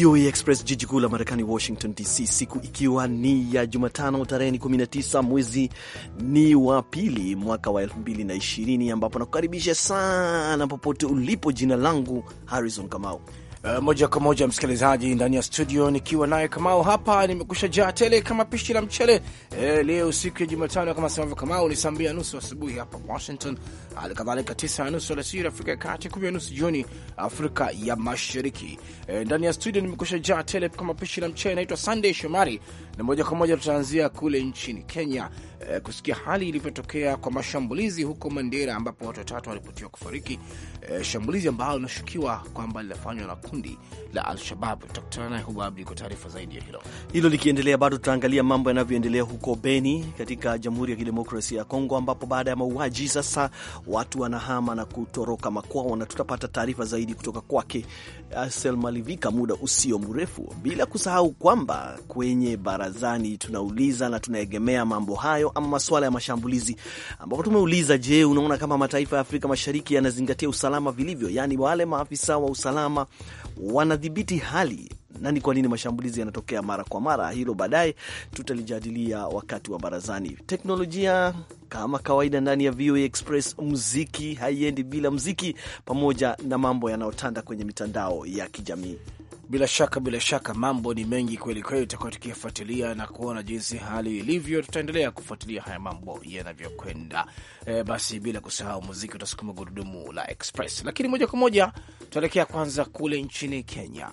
VOA Express, jiji kuu la Marekani, Washington DC, siku ikiwa ni ya Jumatano tarehe 19 mwezi ni wa pili mwaka wa 2020, ambapo nakukaribisha sana popote ulipo. Jina langu Harrison Kamau Uh, moja kwa moja msikilizaji, ndani ya studio nikiwa naye Kamau hapa, nimekusha jaa tele kama pishi la mchele e, leo usiku ya Jumatano kama semavyo Kamau ni saa mbili na nusu asubuhi hapa Washington, hali kadhalika tisa na nusu alasiri Afrika ya Kati, kumi na nusu jioni Afrika ya Mashariki. E, ndani ya studio nimekusha jaa tele kama pishi la mchele. Naitwa Sunday Shomari na moja kwa moja tutaanzia kule nchini Kenya eh, kusikia hali ilivyotokea kwa mashambulizi huko Mandera ambapo watu watatu walipotiwa kufariki eh, shambulizi ambalo linashukiwa kwamba linafanywa na kundi la Al-Shabab. Tutakutana naye Huba Abdi kwa taarifa zaidi ya hilo. Hilo likiendelea bado tutaangalia mambo yanavyoendelea huko Beni katika Jamhuri ya Kidemokrasia ya Kongo ambapo baada ya mauaji sasa watu wanahama na kutoroka makwao, na tutapata taarifa zaidi kutoka kwake Selma Livika muda usio mrefu, bila kusahau kwamba kwenye bar barazani tunauliza na tunaegemea mambo hayo ama masuala ya mashambulizi, ambapo tumeuliza, je, unaona kama mataifa ya Afrika Mashariki yanazingatia usalama vilivyo? Yaani wale maafisa wa usalama wanadhibiti hali na ni kwa nini mashambulizi yanatokea mara kwa mara? Hilo baadaye tutalijadilia wakati wa barazani. Teknolojia kama kawaida ndani ya VOA e Express, muziki haiendi bila muziki, pamoja na mambo yanayotanda kwenye mitandao ya kijamii. Bila shaka bila shaka, mambo ni mengi kweli kweli, tutakuwa tukifuatilia na kuona jinsi hali ilivyo. Tutaendelea kufuatilia haya mambo yanavyokwenda. E, basi bila kusahau muziki utasukuma gurudumu la Express, lakini moja kwa moja tutaelekea kwanza kule nchini Kenya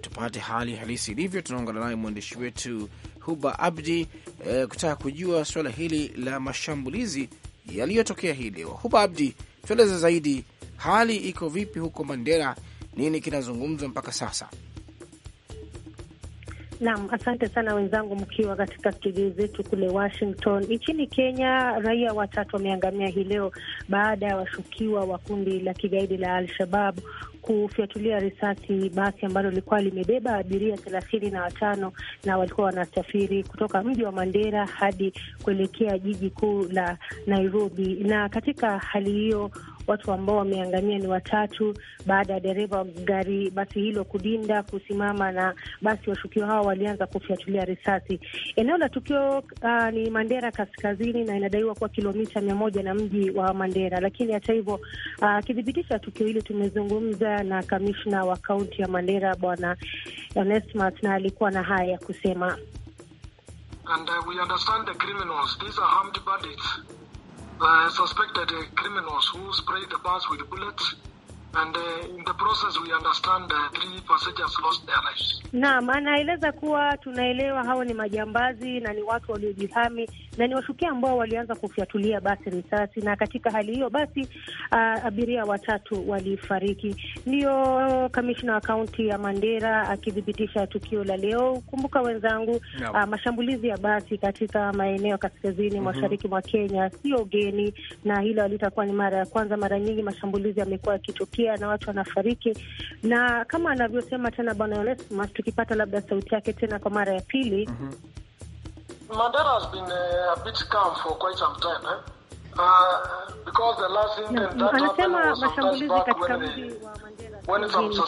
tupate hali halisi ilivyo. Tunaungana naye mwandishi wetu Huba Abdi e, kutaka kujua suala hili la mashambulizi yaliyotokea hii leo. Huba Abdi, tueleze zaidi, hali iko vipi huko Mandera? Nini kinazungumzwa mpaka sasa? Naam, asante sana wenzangu, mkiwa katika studio zetu kule Washington. Nchini Kenya, raia watatu wameangamia hii leo baada ya washukiwa wa kundi la kigaidi la Al-Shabab kufyatulia risasi basi ambalo lilikuwa limebeba abiria thelathini na watano na walikuwa wanasafiri kutoka mji wa Mandera hadi kuelekea jiji kuu la Nairobi. Na katika hali hiyo watu ambao wameangamia ni watatu baada ya dereva wa gari basi hilo kudinda kusimama, na basi washukiwa hao walianza kufyatulia risasi. Eneo la tukio uh, ni Mandera kaskazini na inadaiwa kuwa kilomita mia moja na mji wa Mandera, lakini hata hivyo uh, uh, tukio hili, tumezungumza na kamishna wa kaunti ya Mandera Bwana Onesmus na alikuwa na haya ya kusema. And, uh, we understand the criminals. These are armed bandits uh, suspected uh, criminals who sprayed the bus with bullets. And, uh, in the process we understand uh, three passengers lost their lives. Naam, anaeleza kuwa tunaelewa hao ni majambazi na ni watu waliojihami na ni washukia ambao walianza kufyatulia basi risasi, na katika hali hiyo basi uh, abiria watatu walifariki. Ndiyo kamishna wa kaunti ya Mandera akithibitisha tukio la leo. Kumbuka wenzangu no. uh, mashambulizi ya basi katika maeneo kaskazini mm -hmm. mashariki mwa Kenya sio geni, na hilo alitakuwa ni mara ya kwanza. Mara nyingi mashambulizi yamekuwa yakitokea na watu wanafariki, na kama anavyosema tena bwana Onesmus, tukipata labda sauti yake tena kwa mara ya pili mm -hmm. Mandela has been a, eh, a bit calm for quite some time, eh? Uh, because the last incident that happened was some back when the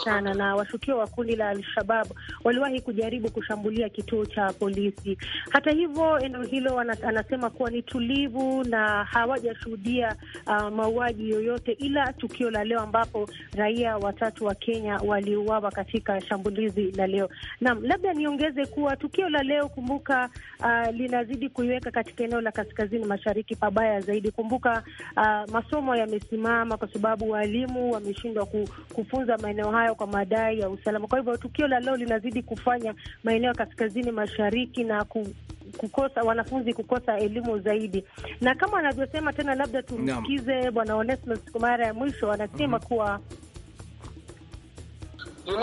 sana, na washukiwa wa kundi la alshabab waliwahi kujaribu kushambulia kituo cha polisi. Hata hivyo, eneo hilo anasema kuwa ni tulivu na hawajashuhudia uh, mauaji yoyote, ila tukio la leo ambapo raia watatu wa Kenya waliuawa katika shambulizi la leo. Naam, labda niongeze kuwa tukio la leo, kumbuka, uh, linazidi kuiweka katika eneo la kaskazini mashariki pabaya zaidi. Kumbuka uh, masomo yamesimama kwa sababu walimu wameshindwa kufunza kutunza maeneo hayo kwa madai ya usalama. Kwa hivyo tukio la leo linazidi kufanya maeneo ya kaskazini mashariki na ku kukosa wanafunzi kukosa elimu zaidi, na kama anavyosema tena, labda tumsikize Bwana Onesmus kwa mara ya mwisho, anasema mm -hmm. kuwa you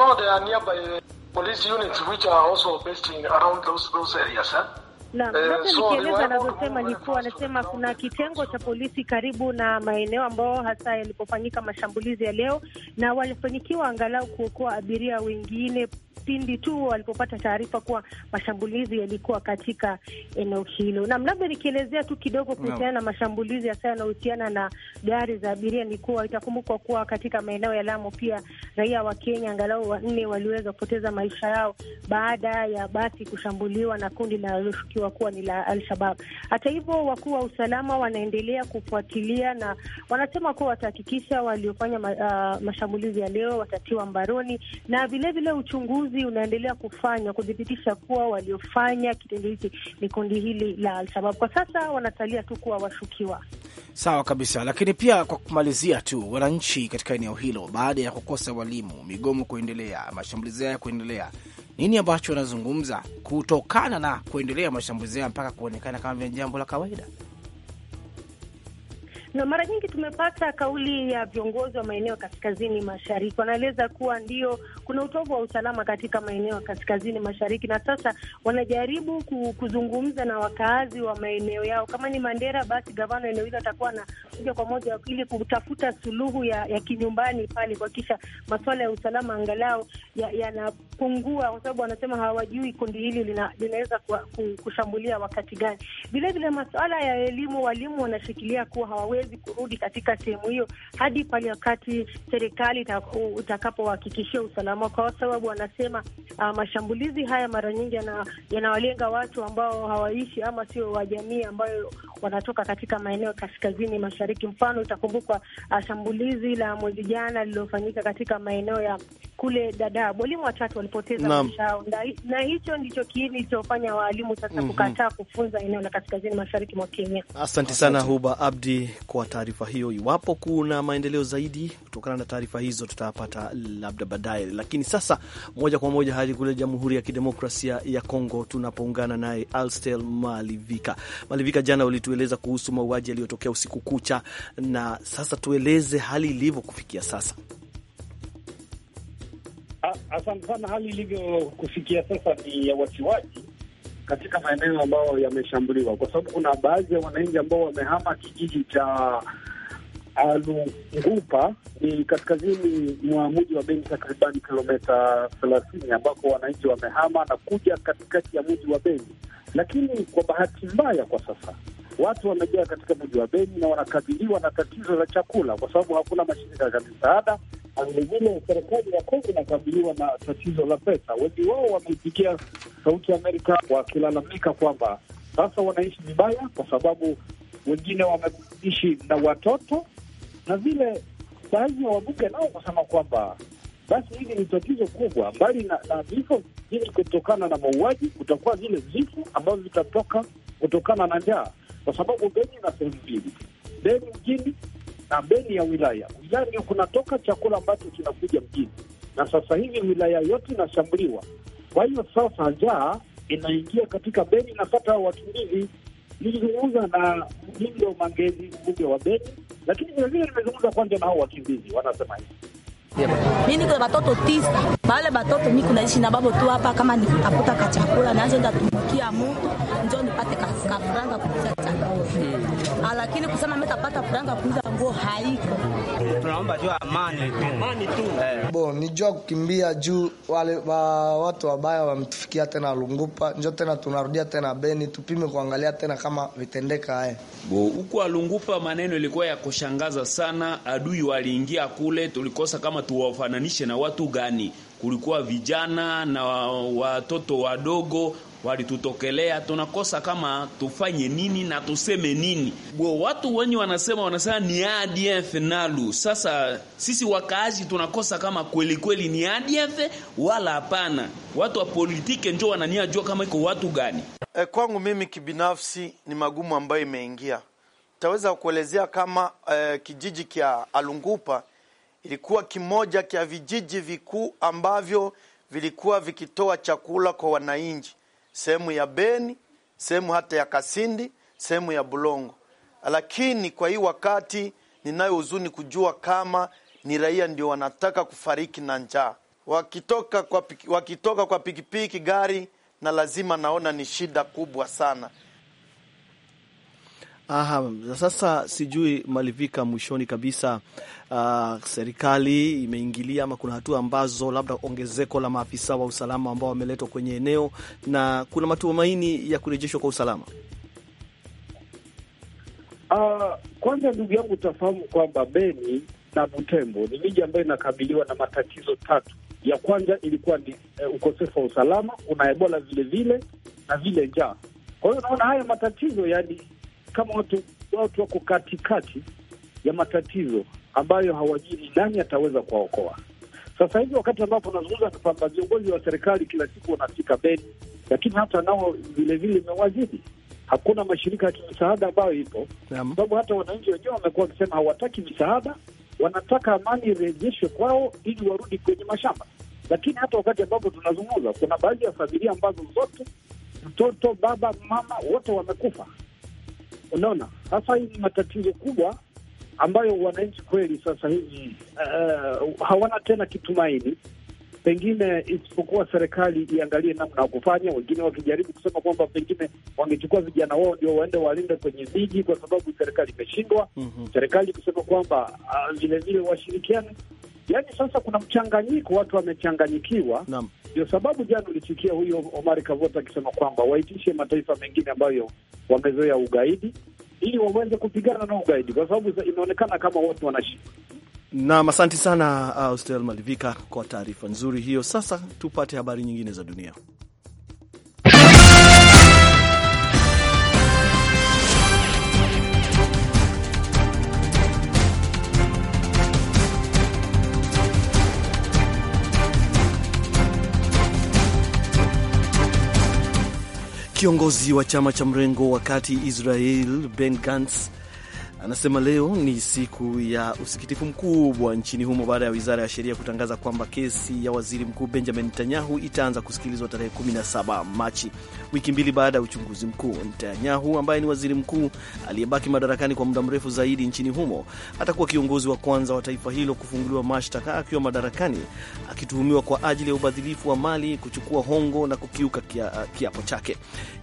know, Naam, eh, labda nikieleza anavyosema anasema kuna kitengo cha polisi karibu na maeneo ambayo hasa yalipofanyika mashambulizi ya leo, na walifanikiwa angalau kuokoa abiria wengine pindi tu walipopata taarifa kuwa mashambulizi yalikuwa katika eneo hilo. Nam, labda nikielezea tu kidogo kuhusiana na mashambulizi hasa yanayohusiana na gari za abiria, ni kuwa itakumbukwa kuwa katika maeneo ya Lamu pia raia wa Kenya angalau wanne waliweza kupoteza maisha yao baada ya basi kushambuliwa na kundi linaloshukiwa linaloshukiwa kuwa ni la alshabab Hata hivyo, wakuu wa usalama wanaendelea kufuatilia na wanasema kuwa watahakikisha waliofanya ma, uh, mashambulizi ya leo watatiwa mbaroni, na vilevile uchunguzi unaendelea kufanywa kuthibitisha kuwa waliofanya kitendo hiki ni kundi hili la alshabab Kwa sasa wanatalia tu kuwa washukiwa. Sawa kabisa, lakini pia kwa kumalizia tu, wananchi katika eneo hilo, baada ya kukosa walimu, migomo kuendelea, mashambulizi haya kuendelea nini ambacho wanazungumza kutokana na kuendelea mashambulizi hayo mpaka kuonekana kama vile jambo la kawaida. Na mara nyingi tumepata kauli ya viongozi wa maeneo kaskazini mashariki, wanaeleza kuwa ndio kuna utovu wa usalama katika maeneo ya kaskazini mashariki, na sasa wanajaribu kuzungumza na wakaazi wa maeneo yao. Kama ni Mandera, basi gavana eneo hilo atakuwa na moja kwa moja ili kutafuta suluhu ya, ya kinyumbani pale, kuhakikisha masuala ya usalama angalau yanapungua, ya kwa sababu wanasema hawajui kundi hili lina, linaweza kushambulia wakati gani. Vilevile masuala ya elimu, walimu wanashikilia kuwa hawawe hawawezi kurudi katika sehemu hiyo hadi pale wakati serikali itakapohakikishia usalama, kwa sababu wanasema uh, mashambulizi haya mara nyingi yanawalenga yana watu ambao hawaishi ama sio wa jamii ambayo wanatoka katika maeneo kaskazini mashariki. Mfano, itakumbukwa uh, shambulizi la mwezi jana lililofanyika katika maeneo ya kule Dadaab walimu watatu walipoteza maisha yao, na hicho ndicho kiini kilichofanya waalimu sasa mm -hmm. kukataa kufunza eneo la kaskazini mashariki mwa Kenya. Asante sana Asante. Huba Abdi kwa taarifa hiyo. Iwapo kuna maendeleo zaidi kutokana na taarifa hizo tutayapata labda baadaye, lakini sasa moja kwa moja hadi kule Jamhuri ya Kidemokrasia ya Kongo tunapoungana naye Alstel Malivika. Malivika, jana ulitueleza kuhusu mauaji yaliyotokea usiku kucha, na sasa tueleze hali ilivyo kufikia sasa. Asante sana. Hali ilivyo kufikia sasa ni ya wasiwasi katika maeneo ambayo yameshambuliwa, kwa sababu kuna baadhi ya wananchi ambao wamehama kijiji cha alungupa ni kaskazini mwa mji wa Beni, takriban kilometa thelathini, ambapo wananchi wamehama na kuja katikati ya mji wa Beni. Lakini kwa bahati mbaya, kwa sasa watu wamejaa katika mji wa Beni na wanakabiliwa na tatizo la chakula, kwa sababu hakuna mashirika ya misaada na vilevile serikali ya Kongo inakabiliwa na tatizo la pesa. Wengi wao wameipigia Sauti ya Amerika wakilalamika kwamba sasa wanaishi vibaya, kwa sababu wengine wameishi na watoto, na vile baadhi ya wabunge nao wanasema kwamba basi hili ni tatizo kubwa, mbali na vifo vingi kutokana na mauaji, kutakuwa vile vifo ambavyo vitatoka kutokana na njaa, kwa sababu Beni na sehemu mbili, Beni mjini beni ya wilaya. Wilaya ndio kunatoka chakula ambacho kinakuja mjini, na sasa hivi wilaya yote inashambuliwa. Kwa hiyo sasa njaa inaingia katika Beni, napata wakimbizi. Nilizungumza na mbunge wa Mangezi, mbunge wa Beni, lakini vilevile nimezungumza kwanza na hao wakimbizi, wanasema hivi Mi niko na batoto tisa, bale batoto mi kunaishi na babo tu hapa, kama nikitafuta ka chakula naanza enda tumikia mutu njo nipate kafuranga kuuza chakula, hmm. ah, lakini kusema metapata furanga kuuza nguo haiko, tunaomba tu amani amani tu Bo ni jua kukimbia juu wale wa, watu wabaya wamtufikia tena Lungupa, njo tena tunarudia tena Beni, tupime kuangalia tena kama vitendeka haya bo huko Lungupa. Maneno ilikuwa ya kushangaza sana, adui waliingia kule, tulikosa kama tuwafananishe na watu gani, kulikuwa vijana na watoto wadogo walitutokelea, tunakosa kama tufanye nini na tuseme nini. Bo, watu wenye wanasema wanasema ni ADF nalu. Sasa sisi wakaazi tunakosa kama kweli kweli ni ADF wala hapana. Watu wa politike njo wanania jua kama iko watu gani. E, kwangu mimi kibinafsi ni magumu ambayo imeingia taweza kuelezea kama e, kijiji kya Alungupa ilikuwa kimoja kya vijiji vikuu ambavyo vilikuwa vikitoa chakula kwa wananchi sehemu ya Beni, sehemu hata ya Kasindi, sehemu ya Bulongo. Lakini kwa hii wakati ninayo huzuni kujua kama ni raia ndio wanataka kufariki na njaa, wakitoka kwa, wakitoka kwa pikipiki, gari na lazima, naona ni shida kubwa sana. Aha, sasa sijui malivika, mwishoni kabisa, uh, serikali imeingilia ama kuna hatua ambazo labda ongezeko la maafisa wa usalama ambao wameletwa kwenye eneo na kuna matumaini ya kurejeshwa kwa usalama? Uh, kwanza ndugu yangu utafahamu kwamba Beni na Butembo ni miji ambayo inakabiliwa na matatizo tatu. Ya kwanza ilikuwa ni eh, ukosefu wa usalama, una Ebola vilevile na vile njaa. Kwa hiyo unaona haya matatizo yani kama watu watu wako katikati ya matatizo ambayo hawajui nani ataweza kuwaokoa. Sasa hivi wakati ambapo unazungumza ni kwamba viongozi wa serikali kila siku wanafika Beni, lakini hata nao vilevile imewazidi. Hakuna mashirika ya kimisaada ambayo ipo, sababu hata wananchi wenyewe wamekuwa wakisema hawataki misaada, wanataka amani irejeshwe kwao ili warudi kwenye mashamba. Lakini hata wakati ambapo tunazungumza, kuna baadhi ya familia ambazo zote mtoto, baba, mama wote wamekufa. Unaona, sasa hii ni matatizo kubwa ambayo wananchi kweli sasa hivi uh, hawana tena kitumaini, pengine isipokuwa serikali iangalie namna ya kufanya. Wengine wakijaribu kusema kwamba pengine wangechukua vijana wao ndio waende walinde kwenye miji, kwa sababu serikali imeshindwa. mm -hmm. Serikali kusema kwamba vilevile ah, uh, washirikiane. Yani sasa kuna mchanganyiko, watu wamechanganyikiwa. Naam. Ndio sababu jana ulisikia huyo Omar Kavota akisema kwamba waitishe mataifa mengine ambayo wamezoea ugaidi ili waweze kupigana na ugaidi, kwa sababu inaonekana kama watu wanashika nam asante sana uh, Austel Malivika kwa taarifa nzuri hiyo. Sasa tupate habari nyingine za dunia. Kiongozi wa chama cha mrengo wa kati Israel Ben Gantz Anasema leo ni siku ya usikitifu mkubwa nchini humo baada ya wizara ya sheria kutangaza kwamba kesi ya waziri mkuu Benjamin Netanyahu itaanza kusikilizwa tarehe 17 Machi, wiki mbili baada ya uchunguzi mkuu. Netanyahu ambaye ni waziri mkuu aliyebaki madarakani kwa muda mrefu zaidi nchini humo atakuwa kiongozi wa kwanza wa taifa hilo kufunguliwa mashtaka akiwa madarakani, akituhumiwa kwa ajili ya ubadhilifu wa mali, kuchukua hongo na kukiuka kiapo chake.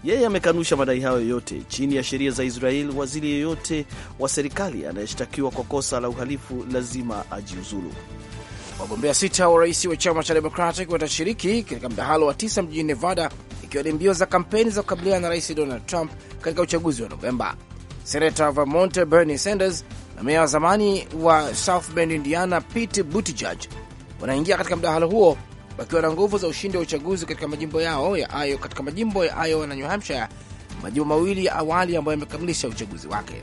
Yeye amekanusha madai hayo yote. Chini ya sheria za Israel, waziri yeyote wa wa serikali anayeshtakiwa kwa kosa la uhalifu lazima ajiuzulu. Wagombea sita wa rais wa chama cha Democratic watashiriki katika mdahalo wa tisa mjini Nevada, ikiwa ni mbio za kampeni za kukabiliana na rais Donald Trump katika uchaguzi wa Novemba. Senata wa Vermont Bernie Sanders na meya wa zamani wa South Bend, Indiana Pete Buttigieg wanaingia katika mdahalo huo wakiwa na nguvu za ushindi wa uchaguzi katika majimbo yao ya ayo, katika majimbo ya Iowa na New Hampshire, majimbo mawili ya awali ambayo yamekamilisha uchaguzi wake.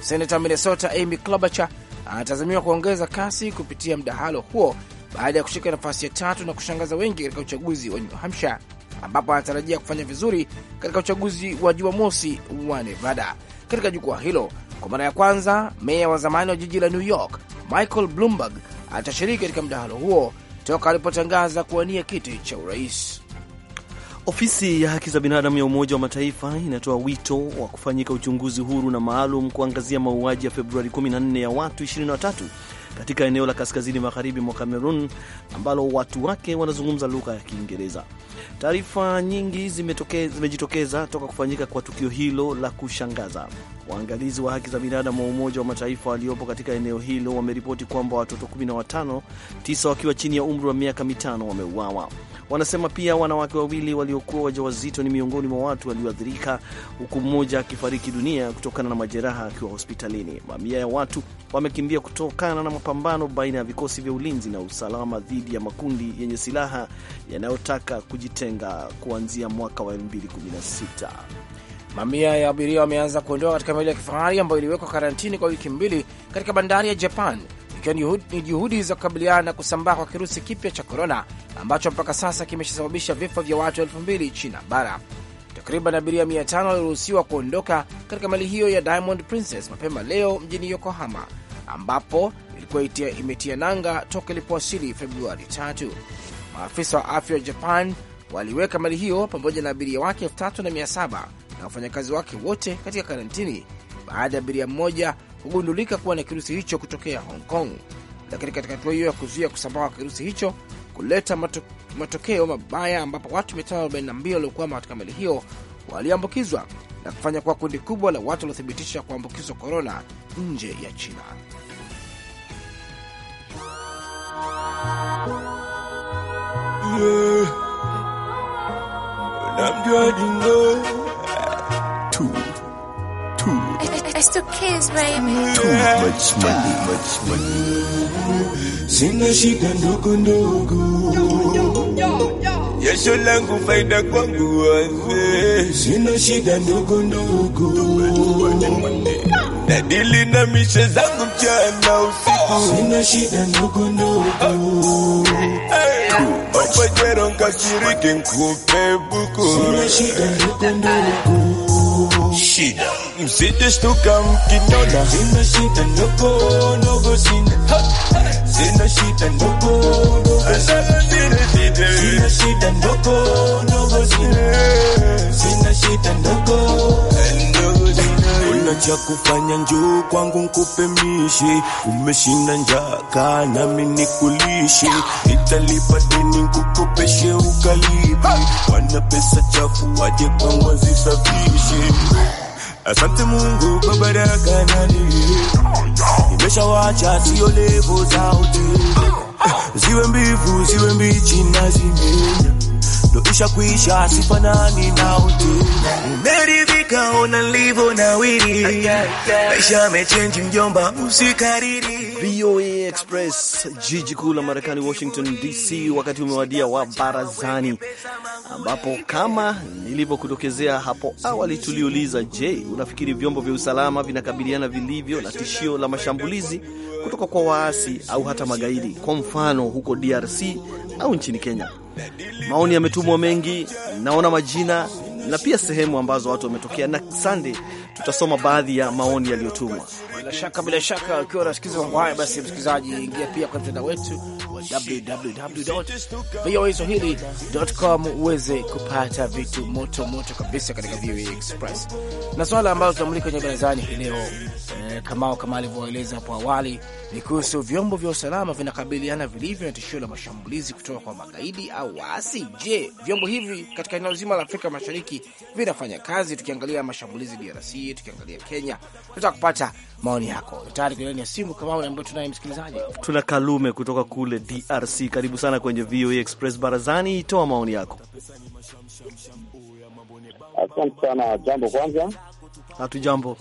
Senata Minnesota Amy Klobuchar anatazamiwa kuongeza kasi kupitia mdahalo huo baada ya kushika nafasi ya tatu na kushangaza wengi katika uchaguzi wa New Hampshire, ambapo anatarajia kufanya vizuri katika uchaguzi wa Jumamosi wa Nevada. Katika jukwaa hilo, kwa mara ya kwanza, meya wa zamani wa jiji la New York Michael Bloomberg atashiriki katika mdahalo huo toka alipotangaza kuwania kiti cha urais. Ofisi ya haki za binadamu ya Umoja wa Mataifa inatoa wito wa kufanyika uchunguzi huru na maalum kuangazia mauaji ya Februari 14 ya watu 23 katika eneo la kaskazini magharibi mwa cameron ambalo watu wake wanazungumza lugha ya Kiingereza. Taarifa nyingi zimejitokeza toka kufanyika kwa tukio hilo la kushangaza. Waangalizi wa haki za binadamu wa Umoja wa Mataifa waliopo katika eneo hilo wameripoti kwamba watoto 15, 9 wakiwa chini ya umri wa miaka mitano wameuawa. Wanasema pia wanawake wawili waliokuwa wajawazito ni miongoni mwa watu walioathirika, huku mmoja akifariki dunia kutokana na majeraha akiwa hospitalini. Mamia ya watu wamekimbia kutokana na mapambano baina ya vikosi vya ulinzi na usalama dhidi ya makundi yenye silaha yanayotaka kujitenga kuanzia mwaka wa 2016. Mamia ya abiria wameanza kuondoka katika meli ya kifahari ambayo iliwekwa karantini kwa wiki mbili katika bandari ya Japan ikiwa ni juhudi za kukabiliana na kusambaa kwa kirusi kipya cha korona ambacho mpaka sasa kimeshasababisha vifo vya watu elfu mbili China bara. Takriban abiria 500 waliruhusiwa kuondoka katika meli hiyo ya Diamond Princess mapema leo mjini Yokohama, ambapo ilikuwa imetia nanga toka ilipowasili Februari 3. Maafisa wa afya wa Japan waliweka meli hiyo pamoja na abiria wake 3700 na wafanyakazi wake wote katika karantini baada ya abiria mmoja kugundulika kuwa na kirusi hicho kutokea Hong Kong, lakini katika hatua hiyo ya kuzuia kusambaa kwa kirusi hicho kuleta mato, matokeo mabaya ambapo watu 542 waliokwama katika meli hiyo waliambukizwa na kufanya kuwa kundi kubwa la watu waliothibitisha kuambukizwa korona nje ya China. I still kiss, baby. Too much money, much money. Sina shida ndogo ndogo. Jasho langu faida kwangu wazee. Sina shida ndogo ndogo. Nadili na mishe zangu mchana usiku. Sina shida ndogo ndogo. Opa jero nkashiriki nkupe buku. Sina shida ndogo ndogo. Shida. msitishtuka mkinona. cha kufanya njuu kwangu nkupe mishi, umeshinda njaka nami nikulishi, nitalipa deni nkukopeshe ukalipi, wana pesa chafu waje kwangu wazisafishi. Asante Mungu baba da kanani, nimeshawacha sio levo za utii, ziwe mbivu ziwe mbichi na zimenya isha kuisha sifanani na Umeridhika ona nilivyo nawiri, maisha yamechenji mjomba, usikariri. VOA Express, jiji kuu la Marekani, Washington DC. Wakati umewadia wa barazani, ambapo kama nilivyokutokezea hapo awali tuliuliza, je, unafikiri vyombo vya usalama vinakabiliana vilivyo na tishio la mashambulizi kutoka kwa waasi au hata magaidi, kwa mfano huko DRC au nchini Kenya? Maoni yametumwa mengi, naona majina na pia sehemu ambazo watu wametokea, na sande tutasoma baadhi ya maoni yaliyotumwa. Bila shaka, bila shaka, ukiwa unasikiza mambo haya, basi msikilizaji, ingia pia kwa mtandao wetu www.voaswahili.com uweze kupata vitu moto moto kabisa katika VOA Express na swala ambalo tunamulika kwenye barazani hii leo eh, kamao kama alivyoeleza hapo awali ni kuhusu vyombo vya usalama vinakabiliana vilivyo na tishio la mashambulizi kutoka kwa magaidi au waasi. Je, vyombo hivi katika eneo zima la Afrika Mashariki vinafanya kazi? Tukiangalia mashambulizi DRC, tukiangalia Kenya, tunataka kupata maoni yako. Tayari kwenye ya simu Kamau, tunaye msikilizaji, tuna Kalume kutoka kule DRC. Karibu sana kwenye VOA Express barazani, toa maoni yako. Asante sana. Jambo kwanza, hatu jambo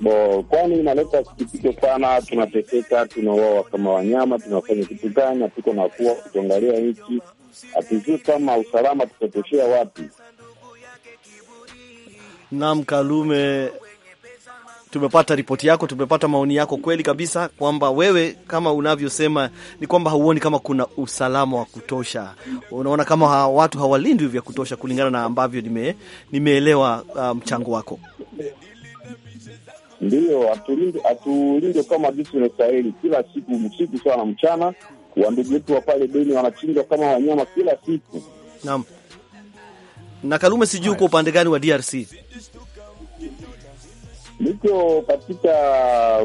bo, kwani inaleta sikitiko sana. Tunateseka, tunauawa kama wanyama, tunafanya kitu gani? Hatuko na kuwa kutuangalia nchi, hatujui kama usalama tutatoshea wapi. Naam, Kalume, tumepata ripoti yako, tumepata maoni yako, kweli kabisa kwamba wewe kama unavyosema ni kwamba hauoni kama kuna usalama wa kutosha, unaona kama ha, watu hawalindwi vya kutosha, kulingana na ambavyo nime, nimeelewa uh, mchango um, wako. ndio hatulindwe kama jinsi inastahili, kila siku, usiku sana mchana. Wandugu wetu wa pale Beni wanachinjwa kama wanyama kila siku. Naam. Na Kalume, sijui uko upande gani wa DRC? niko katika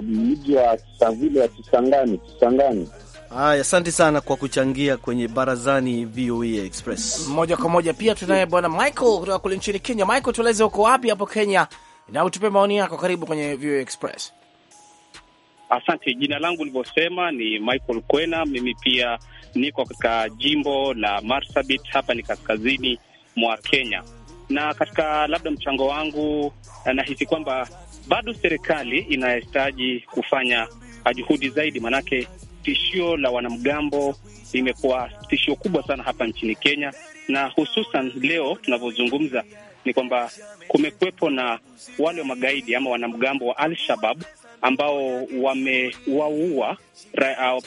mji wa Kisangani wa Kisangani Kisangani. Haya, asante sana kwa kuchangia kwenye barazani VOA e Express. Moja kwa moja pia tunaye bwana Michael kutoka kule nchini Kenya. Michael, tueleze uko wapi hapo Kenya na utupe maoni yako, karibu kwenye VOA e Express. Asante, jina langu nilivyosema ni Michael Kwena. Mimi pia niko katika jimbo la Marsabit, hapa ni kaskazini mwa Kenya, na katika labda mchango wangu eh, nahisi kwamba bado serikali inahitaji kufanya juhudi zaidi, maanake tishio la wanamgambo limekuwa tishio kubwa sana hapa nchini Kenya, na hususan leo tunavyozungumza ni kwamba kumekuwepo na wale wa magaidi ama wanamgambo wa Al-Shabab ambao wamewaua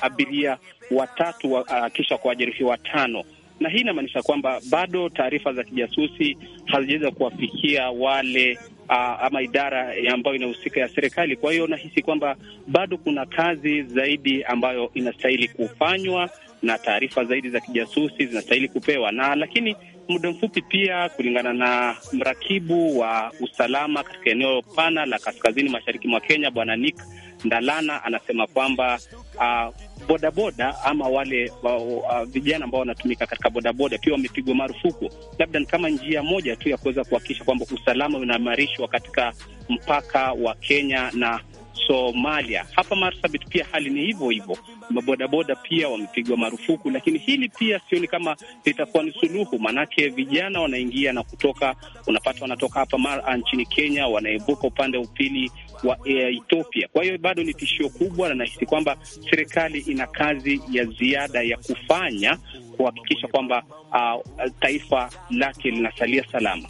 abiria watatu wa, kisha kuwajeruhi watano, na hii inamaanisha kwamba bado taarifa za kijasusi hazijaweza kuwafikia wale uh, ama idara ambayo inahusika ya serikali. Kwa hiyo nahisi kwamba bado kuna kazi zaidi ambayo inastahili kufanywa na taarifa zaidi za kijasusi zinastahili kupewa na lakini muda mfupi pia, kulingana na mrakibu wa usalama katika eneo pana la kaskazini mashariki mwa Kenya, Bwana Nick Ndalana anasema kwamba uh, bodaboda ama wale uh, vijana ambao wanatumika katika bodaboda pia wamepigwa marufuku, labda ni kama njia moja tu ya kuweza kuhakikisha kwamba usalama unaimarishwa katika mpaka wa Kenya na Somalia. Hapa Marsabit pia hali ni hivyo hivyo, mabodaboda pia wamepigwa marufuku, lakini hili pia sioni kama litakuwa ni suluhu, maanake vijana wanaingia na kutoka, unapata wanatoka hapa mara nchini Kenya, wanaevuka upande wa upili wa Ethiopia. Kwa hiyo bado ni tishio kubwa, na nahisi kwamba serikali ina kazi ya ziada ya kufanya kuhakikisha kwamba uh, taifa lake linasalia salama.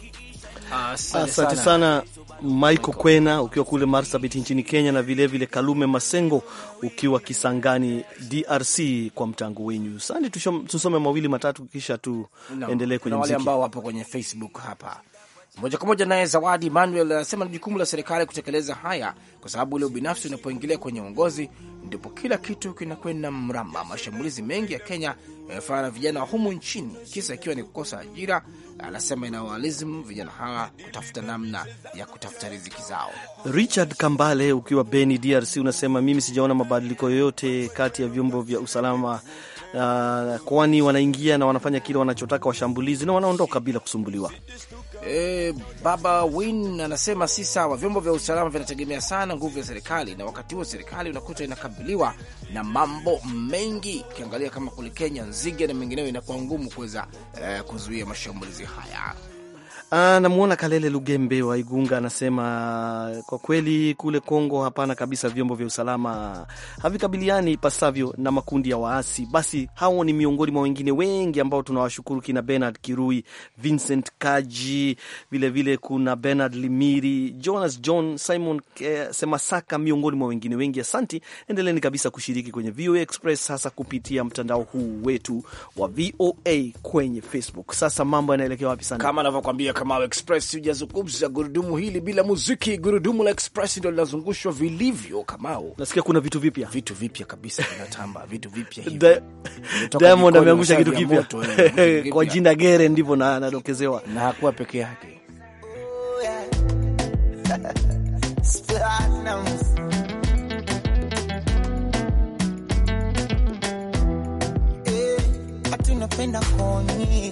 Asante sana, sana Michael Kwena ukiwa kule Marsabit nchini Kenya, na vilevile vile Kalume Masengo ukiwa Kisangani DRC kwa mtango wenyu. Sande, tusome mawili matatu kisha tuendelee no, kwenye mziki. Wale ambao wapo kwenye Facebook hapa moja kwa moja. Naye Zawadi Manuel anasema ni jukumu la serikali kutekeleza haya, kwa sababu ule ubinafsi unapoingilia kwenye uongozi ndipo kila kitu kinakwenda mrama. Mashambulizi mengi ya Kenya yamefana na vijana wa humu nchini, kisa ikiwa ni kukosa ajira. Anasema inawalazimu vijana hawa kutafuta namna ya kutafuta riziki zao. Richard Kambale ukiwa Beni, DRC, unasema mimi sijaona mabadiliko yoyote kati ya vyombo vya usalama uh, kwani wanaingia na wanafanya kile wanachotaka washambulizi, na wanaondoka bila kusumbuliwa. E, baba Win anasema si sawa, vyombo vya usalama vinategemea sana nguvu ya serikali, na wakati huo serikali unakuta inakabiliwa na mambo mengi. Ukiangalia kama kule Kenya, nzige na mengineo, inakuwa ngumu kuweza e, kuzuia mashambulizi haya. Ah, Namwona Kalele Lugembe wa Igunga anasema kwa kweli kule Kongo hapana kabisa, vyombo vya usalama havikabiliani ipasavyo na makundi ya waasi. Basi hao ni miongoni mwa wengine wengi ambao tunawashukuru, kina Bernard Kirui, Vincent Kaji, vilevile vile kuna Bernard Limiri, Jonas John, Simon eh, Semasaka, miongoni mwa wengine wengi. Asanti, endeleni kabisa kushiriki kwenye VOA Express, hasa kupitia mtandao huu wetu wa VOA kwenye Facebook. Sasa mambo yanaelekea wapi sana, kama anavyokwambia Kamau Express, hujazungumza gurudumu hili bila muziki. Gurudumu la Express ndo linazungushwa vilivyo. Kamau, nasikia kuna vitu vipya, vitu vipya kabisa vinatamba, vitu vipya hivi. Diamond ameangusha kitu kipya eh, kwa jina Gere, ndivyo na nadokezewa, na hakuwa peke yake eh,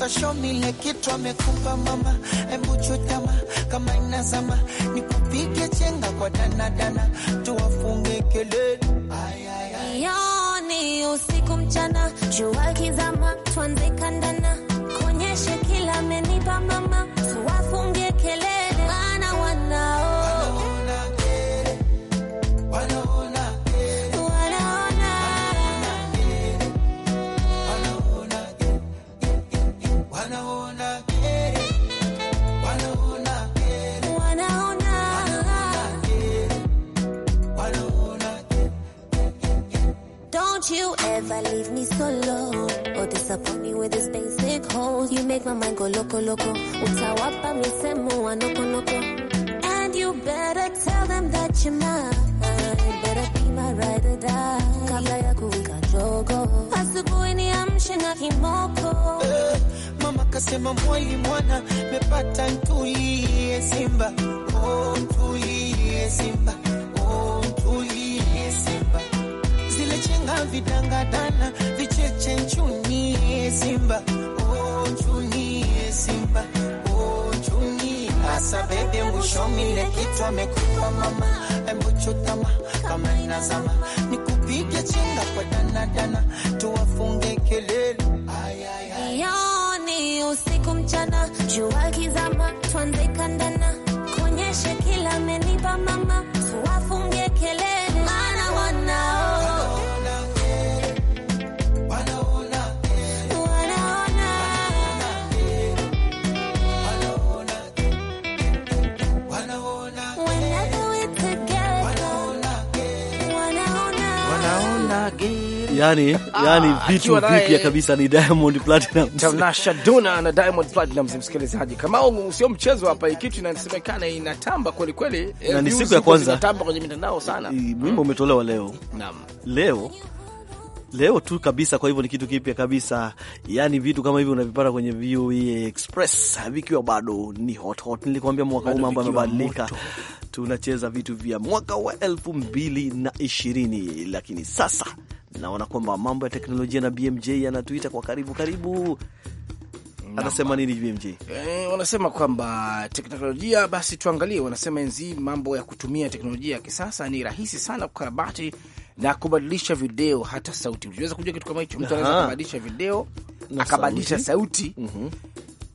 Sasa show me le kitu amekupa mama, embu chutama kama inazama, nikupige chenga kwa danadana, tuwafunge kelele yoni usiku mchana, jua kizama, tuanze kandana, konyeshe kila amenipa mama Don't you ever leave me solo or oh, disappoint me with this basic holes. You make my mind go loco loco. Utawapa mi semu anoko loko. And you better tell them that you're mine. Better be my ride or die. Kabla ya kuwika jogo. Asubuhi niamshe na kimoko. Eh, anasema mwali mwana mepata, ntulie Simba, oh, ntulie Simba, oh, ntulie Simba, zile chenga vidangadana vicheche nchuni Simba, oh, nchuni Simba, oh, nchuni asa bebe ngushomile kitu amekupa mama embuchutama kama inazama nikupige chenga kwa danadana tuwafunga You Jua kizama, tuanze yani, ah, yani vitu vipya kabisa ni Diamond Platinum. Tanasha Dona na Diamond Platinum, msikilizaji, kama sio mchezo hapa, hii kitu inasemekana inatamba kweli kweli, na eh, ni siku ya kwanza inatamba kwenye mitandao sana. Wimbo umetolewa leo. Naam. Leo leo tu kabisa, kwa hivyo ni kitu kipya kabisa. Yani vitu kama hivi unavipata kwenye VOA e Express vikiwa bado ni hot hot. Nilikuambia mwaka huu mambo yamebadilika, tunacheza vitu vya mwaka wa elfu mbili na ishirini, lakini sasa naona kwamba mambo ya teknolojia na BMJ yanatuita kwa karibu karibu. Anasema nini BMJ? E, eh, wanasema kwamba teknolojia, basi tuangalie. Wanasema enzi mambo ya kutumia teknolojia ya kisasa ni rahisi sana kukarabati na kubadilisha video, hata sauti. Uliweza kujua kitu kama hicho? Mtu anaweza kubadilisha video akabadilisha sauti, sauti. Mm -hmm.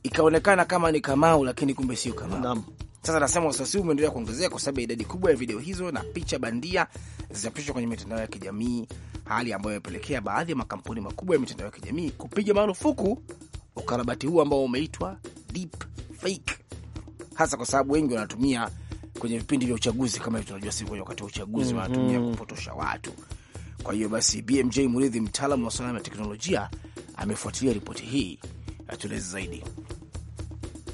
Ikaonekana kama ni Kamau lakini kumbe sio Kamau. Sasa anasema wasiwasi umeendelea kuongezeka kwa sababu ya idadi kubwa ya video hizo na picha bandia zilizochapishwa kwenye mitandao ya kijamii, hali ambayo imepelekea baadhi ya makampuni makubwa ya mitandao ya kijamii kupiga marufuku ukarabati huu ambao umeitwa deep fake, hasa kwa sababu wengi wanatumia kwenye vipindi vya uchaguzi, kama hivi. tunajua, si kwenye wakati wa uchaguzi mm -hmm. wanatumia kupotosha watu. Kwa hiyo basi, BMJ Muridhi, mtaalamu wa usalama ya teknolojia, amefuatilia ripoti hii, atueleze zaidi.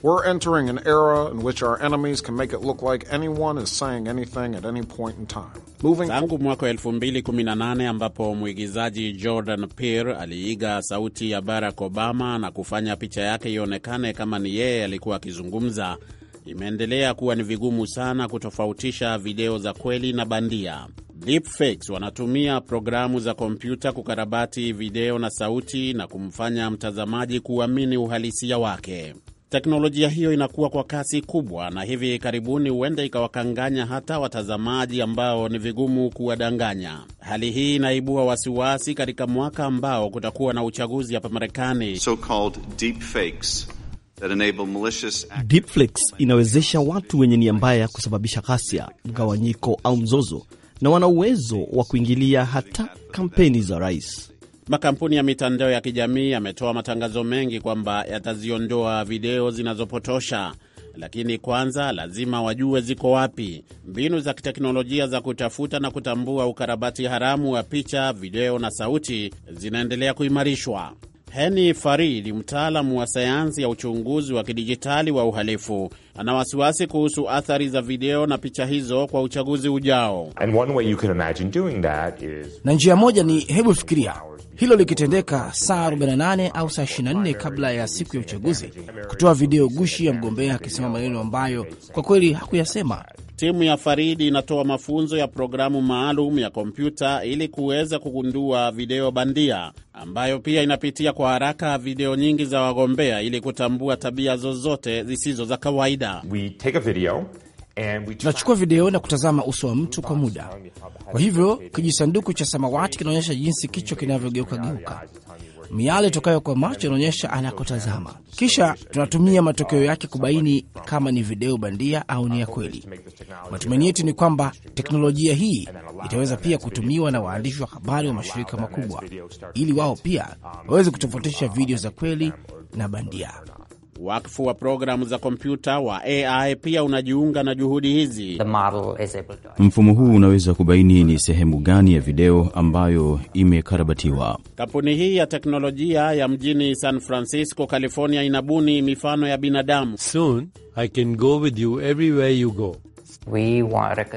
We're entering an era in which our enemies can make it look like anyone is saying anything at any point in time. Moving tangu mwaka wa 2018 ambapo mwigizaji Jordan Peele aliiga sauti ya Barack Obama na kufanya picha yake ionekane kama ni yeye alikuwa akizungumza, imeendelea kuwa ni vigumu sana kutofautisha video za kweli na bandia. Deepfakes wanatumia programu za kompyuta kukarabati video na sauti na kumfanya mtazamaji kuamini uhalisia wake. Teknolojia hiyo inakuwa kwa kasi kubwa, na hivi karibuni huenda ikawakanganya hata watazamaji ambao ni vigumu kuwadanganya. Hali hii inaibua wasiwasi katika mwaka ambao kutakuwa na uchaguzi hapa Marekani. so Deepfakes inawezesha watu wenye nia mbaya kusababisha ghasia, mgawanyiko au mzozo, na wana uwezo wa kuingilia hata kampeni za rais. Makampuni ya mitandao ya kijamii yametoa matangazo mengi kwamba yataziondoa video zinazopotosha, lakini kwanza lazima wajue ziko wapi. Mbinu za kiteknolojia za kutafuta na kutambua ukarabati haramu wa picha, video na sauti zinaendelea kuimarishwa. Heni Farid, mtaalamu wa sayansi ya uchunguzi wa kidijitali wa uhalifu, ana wasiwasi kuhusu athari za video na picha hizo kwa uchaguzi ujao. Is... na njia moja ni hebu fikiria hilo likitendeka saa 48 au saa 24 kabla ya siku ya uchaguzi, kutoa video gushi ya mgombea akisema maneno ambayo kwa kweli hakuyasema Timu ya Faridi inatoa mafunzo ya programu maalum ya kompyuta ili kuweza kugundua video bandia, ambayo pia inapitia kwa haraka video nyingi za wagombea ili kutambua tabia zozote zisizo za kawaida. Tunachukua video na kutazama uso wa mtu kwa muda. Kwa hivyo kijisanduku cha samawati kinaonyesha jinsi kichwa kinavyogeuka geuka. Miale tokayo kwa macho inaonyesha anakotazama, kisha tunatumia matokeo yake kubaini kama ni video bandia au ni ya kweli. Matumaini yetu ni kwamba teknolojia hii itaweza pia kutumiwa na waandishi wa habari wa mashirika makubwa, ili wao pia waweze kutofautisha video za kweli na bandia. Wakfu wa programu za kompyuta wa AI pia unajiunga na juhudi hizi. Mfumo huu unaweza kubaini ni sehemu gani ya video ambayo imekarabatiwa. Kampuni hii ya teknolojia ya mjini San Francisco, California inabuni mifano ya binadamu. Soon, I can go with you everywhere you go.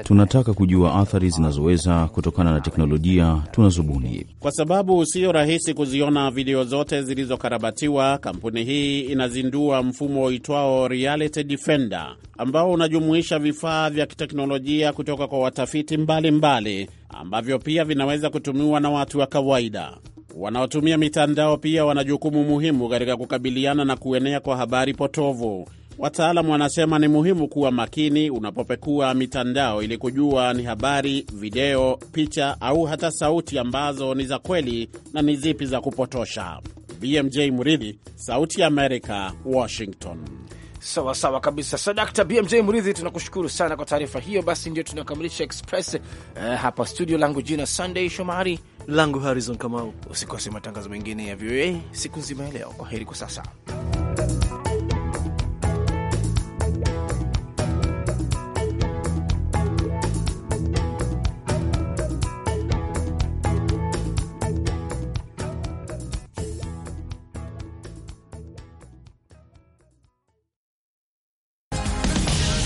Tunataka kujua athari zinazoweza kutokana na teknolojia tunazobuni kwa sababu sio rahisi kuziona video zote zilizokarabatiwa. Kampuni hii inazindua mfumo uitwao Reality Defender ambao unajumuisha vifaa vya kiteknolojia kutoka kwa watafiti mbalimbali mbali, ambavyo pia vinaweza kutumiwa na watu wa kawaida. Wanaotumia mitandao pia wana jukumu muhimu katika kukabiliana na kuenea kwa habari potovu. Wataalamu wanasema ni muhimu kuwa makini unapopekua mitandao ili kujua ni habari, video, picha au hata sauti ambazo ni za kweli na ni zipi za kupotosha. BMJ Muridhi, Sauti ya Amerika, Washington. Sawa sawa kabisa. So Dkt BMJ Mridhi, tunakushukuru sana kwa taarifa hiyo. Basi ndio tunakamilisha Express uh, hapa studio langu jina Sunday Shomari, langu Harrison Kamau. Usikose matangazo mengine ya VOA siku nzima ya leo. Kwa heri kwa sasa.